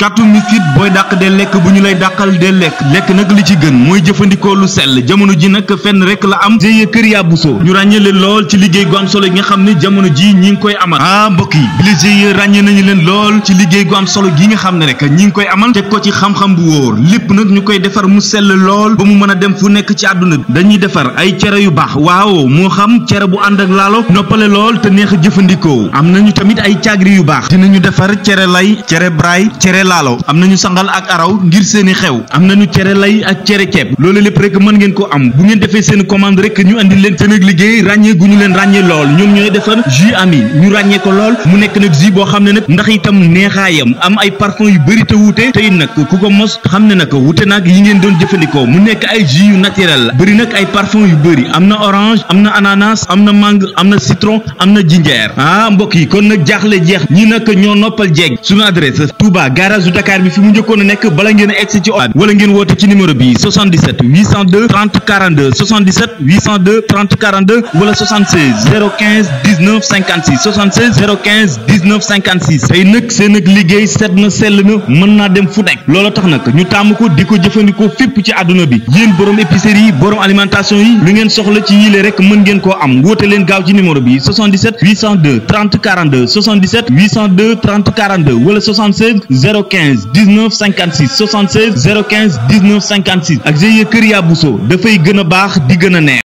katu miskit booy dàq dee lekk bu ñu lay dàqal dee lekk lekk nag li ci gën mooy jëfandikoo lu sell jamono ji nag fenn rek la am GIE Kër ya Yabousso ñu ràññee leen lool ci liggéey gu am solo yi nga xam ne jamono ji ñi ngi koy amal ah mbokk yi bi nañu leen lool ci liggéey solo gi nga xam ne rek ñi ngi koy amal teg ko ci xam-xam bu wóor lépp nag ñu koy defar mu sell lool ba mu mën a dem fu nekk ci àdduna bi dañuy defar ay cere yu baax waaw moo xam cere bu ànd ak laalo noppale lool te neex a jëfandikoo am nañu tamit ay caagri yu baax dinañu defar cere lay cere braay laalaw am nañu sangal ak araw ngir seeni xew am nañu cere lay ak cere ceeb loolu lépp rek mën ngeen ko am bu ngeen defee seen commande rek ñu andi leen seen ak liggéey ràññee gu ñu leen ràññee lool ñoom ñooy defar jus ami ñu ràññee ko lool mu nekk nag jus boo xam ne nag ndax itam neexaayam am ay parfum yu bëri te wuute tey nag ku ko mos xam ne nag wuute naag yi ngeen doon jëfandikoo mu nekk ay jus yu naturel bëri nag ay parfum yu bëri am na garage du Dakar bi fi mu njëkkoon a nekk bala ngeen a egsi ci oa wala ngeen woote ci numéro bi 77 802 30 42 tey nag seen liggéey set na sell na mën naa dem fu nekk loola tax nag ñu tàmm ko di ko jëfandikoo fépp ci àdduna bi yéen borom épicerie yi borom alimentation yi lu ngeen soxla ci yile rek mën ngeen koo am woote leen gaaw ci numéro bi 77 802 30 cinquante 015 19 56 76 015 cinquante 56 ak GIE Kër Yabousso dafay gën a baax di gën a neex.